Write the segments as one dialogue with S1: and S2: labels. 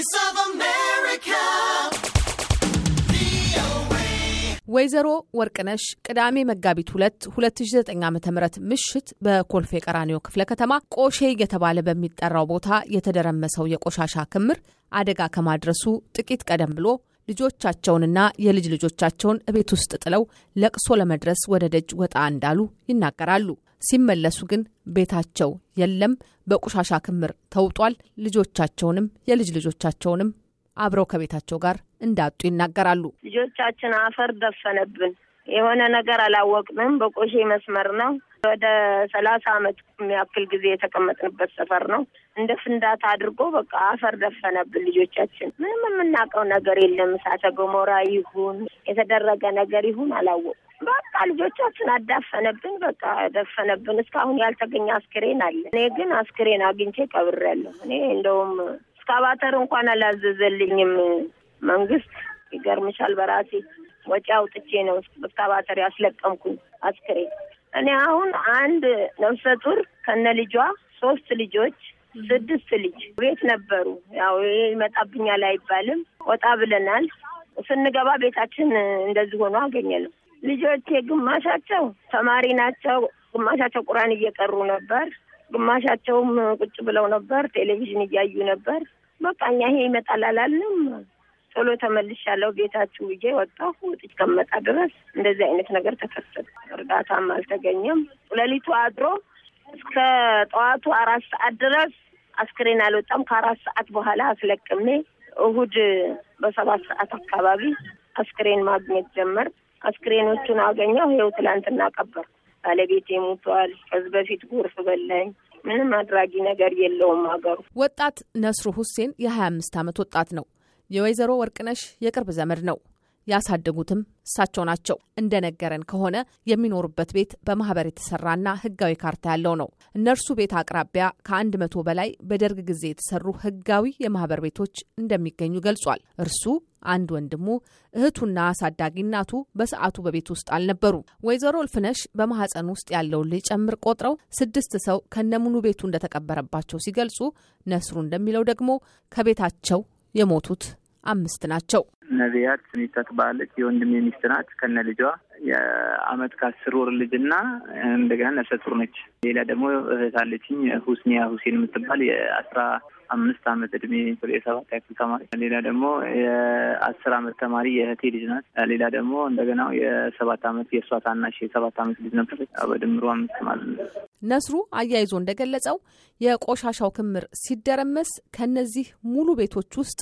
S1: Voice ወይዘሮ ወርቅነሽ ቅዳሜ መጋቢት ሁለት ሁለት ዓ ዘጠኝ ምሽት በኮልፌ ቀራኒዮ ክፍለ ከተማ ቆሼ እየተባለ በሚጠራው ቦታ የተደረመሰው የቆሻሻ ክምር አደጋ ከማድረሱ ጥቂት ቀደም ብሎ ልጆቻቸውንና የልጅ ልጆቻቸውን እቤት ውስጥ ጥለው ለቅሶ ለመድረስ ወደ ደጅ ወጣ እንዳሉ ይናገራሉ። ሲመለሱ ግን ቤታቸው የለም፣ በቆሻሻ ክምር ተውጧል። ልጆቻቸውንም የልጅ ልጆቻቸውንም አብረው ከቤታቸው ጋር እንዳጡ ይናገራሉ።
S2: ልጆቻችን አፈር ደፈነብን። የሆነ ነገር አላወቅንም። በቆሼ መስመር ነው። ወደ ሰላሳ አመት የሚያክል ጊዜ የተቀመጥንበት ሰፈር ነው። እንደ ፍንዳታ አድርጎ በቃ አፈር ደፈነብን። ልጆቻችን ምንም የምናውቀው ነገር የለም። እሳተ ገሞራ ይሁን የተደረገ ነገር ይሁን አላወቁ በቃ ልጆቻችን አዳፈነብን። በቃ ደፈነብን። እስካሁን ያልተገኘ አስክሬን አለ። እኔ ግን አስክሬን አግኝቼ ቀብሬያለሁ። እኔ እንደውም እስካባተር እንኳን አላዘዘልኝም መንግስት። ይገርምሻል በራሴ ወጪ አውጥቼ ነው እስካባተር ያስለቀምኩኝ አስክሬን። እኔ አሁን አንድ ነፍሰ ጡር ከነ ልጇ ሶስት ልጆች ስድስት ልጅ ቤት ነበሩ። ያው ይመጣብኛል አይባልም። ወጣ ብለናል። ስንገባ ቤታችን እንደዚህ ሆኖ አገኘ ነው። ልጆቼ ግማሻቸው ተማሪ ናቸው፣ ግማሻቸው ቁርአን እየቀሩ ነበር፣ ግማሻቸውም ቁጭ ብለው ነበር፣ ቴሌቪዥን እያዩ ነበር። በቃ እኛ ይሄ ይመጣል አላልንም። ቶሎ ተመልሻለሁ ቤታችሁ ብዬ ወጣሁ። ውጥጭ ከመጣ ድረስ እንደዚህ አይነት ነገር ተከሰተ። እርዳታም አልተገኘም። ሌሊቱ አድሮ እስከ ጠዋቱ አራት ሰዓት ድረስ አስክሬን አልወጣም። ከአራት ሰዓት በኋላ አስለቅሜ እሁድ በሰባት ሰዓት አካባቢ አስክሬን ማግኘት ጀመር። አስክሬኖቹን አገኘው ይኸው ትላንትና ቀበር ባለቤቴ ሞቷል። ከዚህ በፊት ጎርፍ በላኝ። ምንም አድራጊ ነገር የለውም አገሩ።
S1: ወጣት ነስሩ ሁሴን የ አምስት ዓመት ወጣት ነው። የወይዘሮ ወርቅነሽ የቅርብ ዘመድ ነው። ያሳደጉትም እሳቸው ናቸው። እንደነገረን ከሆነ የሚኖሩበት ቤት በማህበር የተሰራና ህጋዊ ካርታ ያለው ነው። እነርሱ ቤት አቅራቢያ ከአንድ መቶ በላይ በደርግ ጊዜ የተሰሩ ህጋዊ የማህበር ቤቶች እንደሚገኙ ገልጿል። እርሱ አንድ ወንድሙ፣ እህቱና አሳዳጊ እናቱ በሰዓቱ በቤት ውስጥ አልነበሩም። ወይዘሮ እልፍነሽ በማህፀን ውስጥ ያለውን ልጅ ጨምር ቆጥረው ስድስት ሰው ከነሙኑ ቤቱ እንደተቀበረባቸው ሲገልጹ፣ ነስሩ እንደሚለው ደግሞ ከቤታቸው የሞቱት አምስት ናቸው።
S3: ነቢያት ስኒታ ትባላለች። የወንድሜ ሚስት ናት ከነ ልጇ የአመት ከአስር ወር ልጅና እንደገና ነፍሰ ጡር ነች። ሌላ ደግሞ እህት አለችኝ ሁስኒያ ሁሴን የምትባል የአስራ አምስት ዓመት እድሜ የሰባት ያክል ተማሪ፣ ሌላ ደግሞ የአስር ዓመት ተማሪ የእህቴ ልጅ ናት። ሌላ ደግሞ እንደገና የሰባት ዓመት የእሷ ታናሽ የሰባት ዓመት ልጅ ነበር። በድምሩ አምስት ማለት
S1: ነው። ነስሩ አያይዞ እንደገለጸው የቆሻሻው ክምር ሲደረመስ ከነዚህ ሙሉ ቤቶች ውስጥ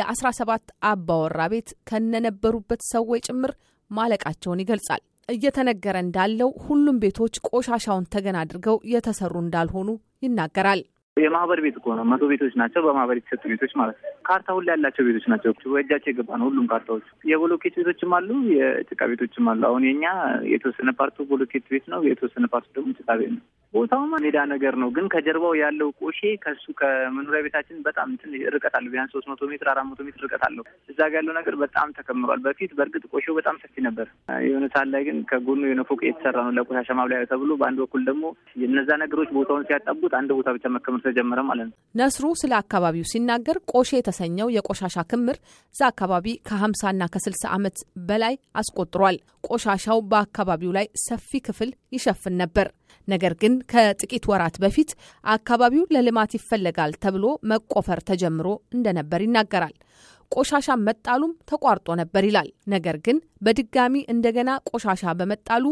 S1: የአስራ ሰባት አባወራ ቤት ከነነበሩበት ሰዎች ጭምር ማለቃቸውን ይገልጻል። እየተነገረ እንዳለው ሁሉም ቤቶች ቆሻሻውን ተገን አድርገው የተሰሩ እንዳልሆኑ ይናገራል።
S3: የማህበር ቤት እኮ ነው። መቶ ቤቶች ናቸው በማህበር የተሰጡ ቤቶች ማለት ነው። ካርታ ሁላ ያላቸው ቤቶች ናቸው። በእጃቸው የገባ ነው ሁሉም ካርታዎች። የቦሎኬት ቤቶችም አሉ፣ የጭቃ ቤቶችም አሉ። አሁን የኛ የተወሰነ ፓርቱ ቦሎኬት ቤት ነው፣ የተወሰነ ፓርቱ ደግሞ ጭቃ ቤት ነው። ቦታው ሌላ ነገር ነው። ግን ከጀርባው ያለው ቆሼ ከሱ ከመኖሪያ ቤታችን በጣም ትንሽ ርቀት አለው። ቢያንስ ሶስት መቶ ሜትር አራት መቶ ሜትር ርቀት አለው። እዛ ጋ ያለው ነገር በጣም ተከምሯል። በፊት በእርግጥ ቆሼው በጣም ሰፊ ነበር። የሆነ ሰዓት ላይ ግን ከጎኑ የሆነ ፎቅ የተሰራ ነው ለቆሻሻ ማብላያ ተብሎ፣ በአንድ በኩል ደግሞ እነዛ ነገሮች ቦታውን ሲያጣቡት አንድ ቦታ ብቻ መከመር ተጀመረ ማለት ነው።
S1: ነስሩ ስለ አካባቢው ሲናገር ቆሼ የተሰኘው የቆሻሻ ክምር እዛ አካባቢ ከሀምሳና ከስልሳ ዓመት በላይ አስቆጥሯል። ቆሻሻው በአካባቢው ላይ ሰፊ ክፍል ይሸፍን ነበር ነገር ግን ከጥቂት ወራት በፊት አካባቢው ለልማት ይፈለጋል ተብሎ መቆፈር ተጀምሮ እንደነበር ይናገራል። ቆሻሻ መጣሉም ተቋርጦ ነበር ይላል። ነገር ግን በድጋሚ እንደገና ቆሻሻ በመጣሉ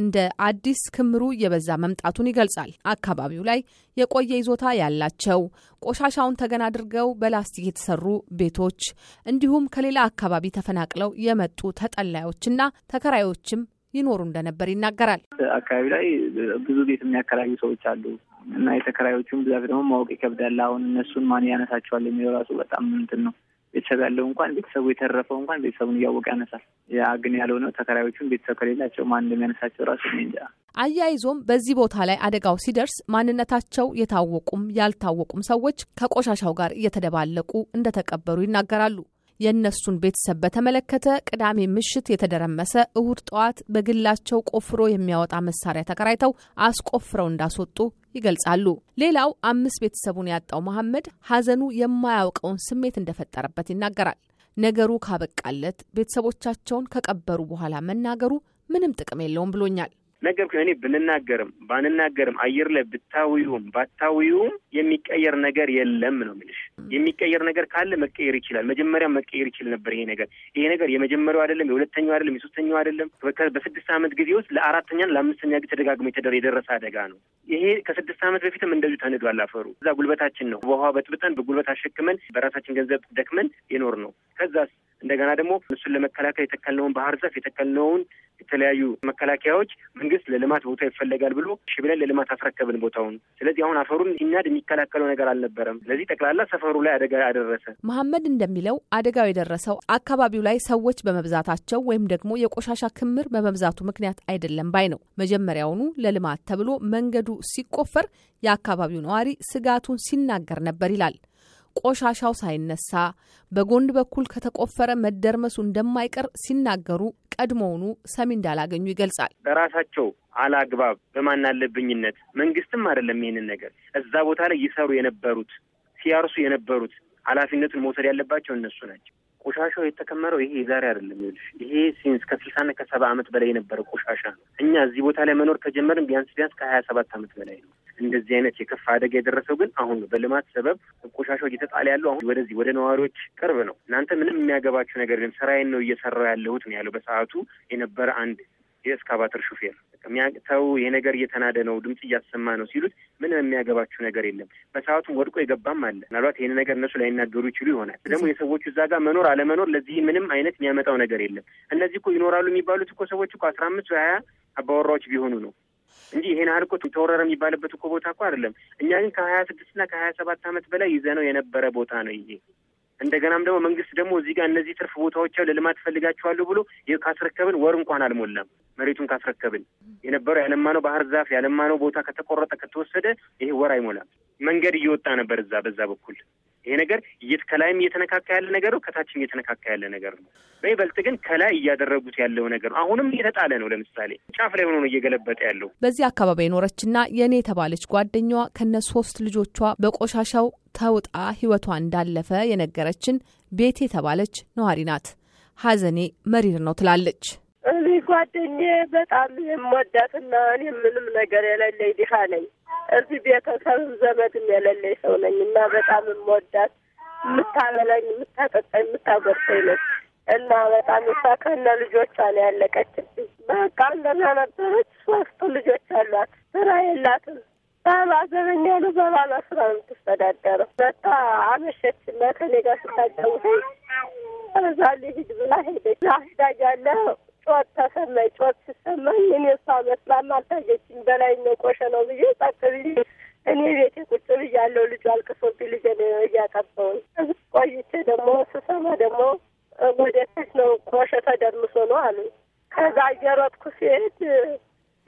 S1: እንደ አዲስ ክምሩ እየበዛ መምጣቱን ይገልጻል። አካባቢው ላይ የቆየ ይዞታ ያላቸው ቆሻሻውን ተገና አድርገው በላስቲክ የተሰሩ ቤቶች እንዲሁም ከሌላ አካባቢ ተፈናቅለው የመጡ ተጠላዮችና ተከራዮችም ይኖሩ እንደነበር ይናገራል።
S3: አካባቢ ላይ ብዙ ቤት የሚያከራዩ ሰዎች አሉ እና የተከራዮቹን ብዛት ደግሞ ማወቅ ይከብዳል። አሁን እነሱን ማን ያነሳቸዋል የሚለው ራሱ በጣም እንትን ነው። ቤተሰብ ያለው እንኳን ቤተሰቡ የተረፈው እንኳን ቤተሰቡን እያወቀ ያነሳል። ያ ግን ነው። ተከራዮቹን ቤተሰብ ከሌላቸው ማን እንደሚያነሳቸው ራሱ እንጃ።
S1: አያይዞም በዚህ ቦታ ላይ አደጋው ሲደርስ ማንነታቸው የታወቁም ያልታወቁም ሰዎች ከቆሻሻው ጋር እየተደባለቁ እንደተቀበሩ ይናገራሉ። የእነሱን ቤተሰብ በተመለከተ ቅዳሜ ምሽት የተደረመሰ እሁድ ጠዋት በግላቸው ቆፍሮ የሚያወጣ መሳሪያ ተከራይተው አስቆፍረው እንዳስወጡ ይገልጻሉ። ሌላው አምስት ቤተሰቡን ያጣው መሐመድ ሐዘኑ የማያውቀውን ስሜት እንደፈጠረበት ይናገራል። ነገሩ ካበቃለት ቤተሰቦቻቸውን ከቀበሩ በኋላ መናገሩ ምንም ጥቅም የለውም ብሎኛል።
S4: ነገር ግን እኔ ብንናገርም ባንናገርም አየር ላይ ብታውዩም ባታውዩም የሚቀየር ነገር የለም ነው የሚልሽ የሚቀየር ነገር ካለ መቀየር ይችላል። መጀመሪያ መቀየር ይችል ነበር። ይሄ ነገር ይሄ ነገር የመጀመሪያው አይደለም፣ የሁለተኛው አይደለም፣ የሶስተኛው አይደለም። በስድስት ዓመት ጊዜ ውስጥ ለአራተኛ ለአምስተኛ ጊዜ ተደጋግሞ የደረሰ አደጋ ነው። ይሄ ከስድስት ዓመት በፊትም እንደዚሁ ተንዷል አፈሩ። እዛ ጉልበታችን ነው በውሃ በጥብጠን በጉልበት አሸክመን በራሳችን ገንዘብ ደክመን የኖር ነው ከዛ እንደገና ደግሞ እሱን ለመከላከል የተከልነውን ባህር ዛፍ የተከልነውን የተለያዩ መከላከያዎች መንግስት ለልማት ቦታ ይፈለጋል ብሎ ሽብለን ብለን ለልማት አስረከብን ቦታውን። ስለዚህ አሁን አፈሩን ሲናድ የሚከላከለው ነገር አልነበረም። ስለዚህ ጠቅላላ ሰፈሩ ላይ አደጋ አደረሰ።
S1: መሐመድ እንደሚለው አደጋው የደረሰው አካባቢው ላይ ሰዎች በመብዛታቸው ወይም ደግሞ የቆሻሻ ክምር በመብዛቱ ምክንያት አይደለም ባይ ነው። መጀመሪያውኑ ለልማት ተብሎ መንገዱ ሲቆፈር የአካባቢው ነዋሪ ስጋቱን ሲናገር ነበር ይላል። ቆሻሻው ሳይነሳ በጎን በኩል ከተቆፈረ መደርመሱ እንደማይቀር ሲናገሩ ቀድሞውኑ ሰሚ እንዳላገኙ ይገልጻል።
S4: በራሳቸው አላግባብ በማናለብኝነት መንግስትም አይደለም ይህንን ነገር እዛ ቦታ ላይ ይሰሩ የነበሩት ሲያርሱ የነበሩት ኃላፊነቱን መውሰድ ያለባቸው እነሱ ናቸው። ቆሻሻው የተከመረው ይሄ የዛሬ አይደለም። ይኸውልሽ ይሄ ሲንስ ከስልሳና ከሰባ ዓመት በላይ የነበረ ቆሻሻ ነው። እኛ እዚህ ቦታ ላይ መኖር ከጀመርን ቢያንስ ቢያንስ ከሀያ ሰባት ዓመት በላይ ነው። እንደዚህ አይነት የከፋ አደጋ የደረሰው ግን አሁን ነው። በልማት ሰበብ ቆሻሻው እየተጣለ ያለው አሁን ወደዚህ ወደ ነዋሪዎች ቅርብ ነው። እናንተ ምንም የሚያገባችሁ ነገር ግን ስራዬን ነው እየሰራው ያለሁት ነው ያለው በሰዓቱ የነበረ አንድ የእስካቫተር ሹፌር የሚያቅተው ይሄ ነገር እየተናደ ነው፣ ድምፅ እያሰማ ነው ሲሉት ምንም የሚያገባችሁ ነገር የለም። በሰዓቱ ወድቆ የገባም አለ። ምናልባት ይህን ነገር እነሱ ላይናገሩ ይችሉ ይሆናል። ደግሞ የሰዎቹ እዛ ጋር መኖር አለመኖር ለዚህ ምንም አይነት የሚያመጣው ነገር የለም። እነዚህ እኮ ይኖራሉ የሚባሉት እኮ ሰዎች እኮ አስራ አምስት ሀያ አባወራዎች ቢሆኑ ነው እንጂ ይሄን አልኮ ተወረረ የሚባልበት እኮ ቦታ እኮ አይደለም። እኛ ግን ከሀያ ስድስት እና ከሀያ ሰባት ዓመት በላይ ይዘነው የነበረ ቦታ ነው ይሄ እንደገናም ደግሞ መንግስት ደግሞ እዚህ ጋር እነዚህ ትርፍ ቦታዎች ለልማት ፈልጋቸዋሉ ብሎ ካስረከብን ወር እንኳን አልሞላም። መሬቱን ካስረከብን የነበረው ያለማነው ባህር ዛፍ ያለማነው ቦታ ከተቆረጠ ከተወሰደ ይህ ወር አይሞላም። መንገድ እየወጣ ነበር እዛ በዛ በኩል ይሄ ነገር ከላይም እየተነካካ ያለ ነገር ነው፣ ከታችም እየተነካካ ያለ ነገር ነው። በይበልጥ ግን ከላይ እያደረጉት ያለው ነገር ነው። አሁንም እየተጣለ ነው። ለምሳሌ ጫፍ ላይ ሆኖ ነው እየገለበጠ ያለው።
S1: በዚህ አካባቢ የኖረችና የእኔ የተባለች ጓደኛዋ ከነ ሶስት ልጆቿ በቆሻሻው ተውጣ ህይወቷ እንዳለፈ የነገረችን ቤት የተባለች ነዋሪ ናት። ሀዘኔ መሪር ነው ትላለች።
S2: እዚህ ጓደኛዬ በጣም የምወዳትና እኔ ምንም ነገር የሌለኝ ድሃ ነኝ። እዚህ ቤተሰብም ዘመድም የሌለኝ ሰው ነኝ እና በጣም የምወዳት የምታበላኝ፣ የምታጠጣኝ፣ የምታጎርሰኝ ነች እና በጣም እሷ ከነ ልጆቿ ነው ያለቀችብኝ። በቃ እንደዛ ነበረች። ሶስቱ ልጆች አሏት። ስራ የላትም። ባባ ዘበኛ ነው። በባሏ ስራ ነው የምትስተዳደረው። በቃ አመሸች እና ከኔ ጋር ስታጫውተኝ እዛ ሊሂድ ብላ ሄደች። ላሂዳ እያለ ጩኸት ተሰማኝ። ጩኸት ሲሰማኝ እኔ እሷ መስላም አልታየችኝ። በላይ ነው ቆሸ ነው ብዬ ጸጥ ብዬ እኔ ቤቴ ቁጭ ብያለሁ። ልጁ አልቅሶብኝ ልጄ እያቀበውን ቆይቼ ደግሞ ስሰማ ደግሞ ወደ ታች ነው ቆሸ ተደርምሶ ነው አሉ። ከዛ እየሮጥኩ ሲሄድ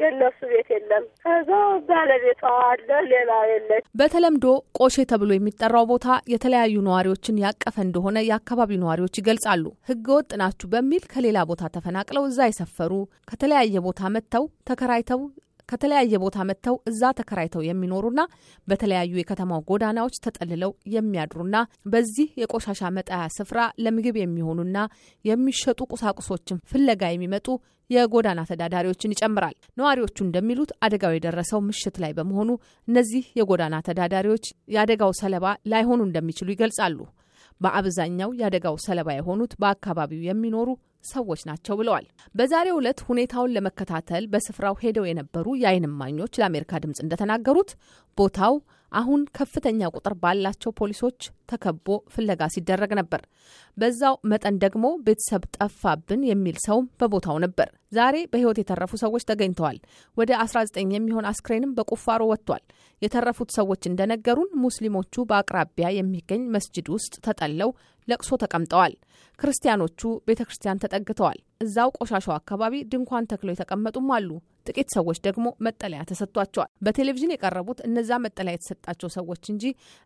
S2: የእነሱ ቤት የለም። ከዛ ባለቤቷ
S1: አለ፣ ሌላ የለች። በተለምዶ ቆሼ ተብሎ የሚጠራው ቦታ የተለያዩ ነዋሪዎችን ያቀፈ እንደሆነ የአካባቢው ነዋሪዎች ይገልጻሉ። ህገ ወጥ ናችሁ በሚል ከሌላ ቦታ ተፈናቅለው እዛ የሰፈሩ ከተለያየ ቦታ መጥተው ተከራይተው ከተለያየ ቦታ መጥተው እዛ ተከራይተው የሚኖሩና በተለያዩ የከተማው ጎዳናዎች ተጠልለው የሚያድሩና በዚህ የቆሻሻ መጣያ ስፍራ ለምግብ የሚሆኑና የሚሸጡ ቁሳቁሶችን ፍለጋ የሚመጡ የጎዳና ተዳዳሪዎችን ይጨምራል። ነዋሪዎቹ እንደሚሉት አደጋው የደረሰው ምሽት ላይ በመሆኑ እነዚህ የጎዳና ተዳዳሪዎች የአደጋው ሰለባ ላይሆኑ እንደሚችሉ ይገልጻሉ። በአብዛኛው የአደጋው ሰለባ የሆኑት በአካባቢው የሚኖሩ ሰዎች ናቸው ብለዋል። በዛሬው ዕለት ሁኔታውን ለመከታተል በስፍራው ሄደው የነበሩ የአይን እማኞች ለአሜሪካ ድምፅ እንደተናገሩት ቦታው አሁን ከፍተኛ ቁጥር ባላቸው ፖሊሶች ተከቦ ፍለጋ ሲደረግ ነበር። በዛው መጠን ደግሞ ቤተሰብ ጠፋብን የሚል ሰውም በቦታው ነበር። ዛሬ በሕይወት የተረፉ ሰዎች ተገኝተዋል። ወደ 19 የሚሆን አስክሬንም በቁፋሮ ወጥቷል። የተረፉት ሰዎች እንደነገሩን ሙስሊሞቹ በአቅራቢያ የሚገኝ መስጅድ ውስጥ ተጠለው ለቅሶ ተቀምጠዋል። ክርስቲያኖቹ ቤተ ክርስቲያን ተጠግተዋል። እዛው ቆሻሻው አካባቢ ድንኳን ተክለው የተቀመጡም አሉ። ጥቂት ሰዎች ደግሞ መጠለያ ተሰጥቷቸዋል። በቴሌቪዥን የቀረቡት እነዛ መጠለያ የተሰጣቸው ሰዎች እንጂ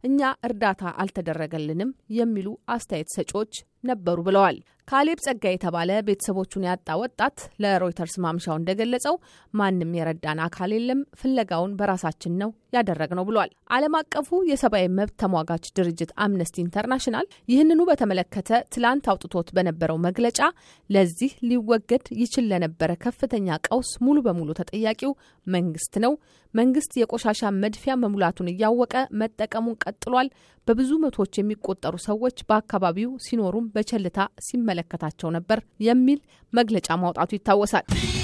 S1: እኛ እርዳታ አልተደረገልንም የሚሉ አስተያየት ሰጪዎች ነበሩ ብለዋል። ካሌብ ጸጋ የተባለ ቤተሰቦቹን ያጣ ወጣት ለሮይተርስ ማምሻው እንደገለጸው ማንም የረዳን አካል የለም፣ ፍለጋውን በራሳችን ነው ያደረግነው ብሏል። ዓለም አቀፉ የሰብአዊ መብት ተሟጋች ድርጅት አምነስቲ ኢንተርናሽናል ይህንኑ በተመለከተ ትላንት አውጥቶት በነበረው መግለጫ ለዚህ ሊወገድ ይችል ለነበረ ከፍተኛ ቀውስ ሙሉ በሙሉ ተጠያቂው መንግስት ነው። መንግስት የቆሻሻ መድፊያ መሙላቱን እያወቀ መጠቀሙን ቀጥሏል። በብዙ መቶዎች የሚቆጠሩ ሰዎች በአካባቢው ሲኖሩም በቸልታ ሲመለከታቸው ነበር የሚል መግለጫ ማውጣቱ ይታወሳል።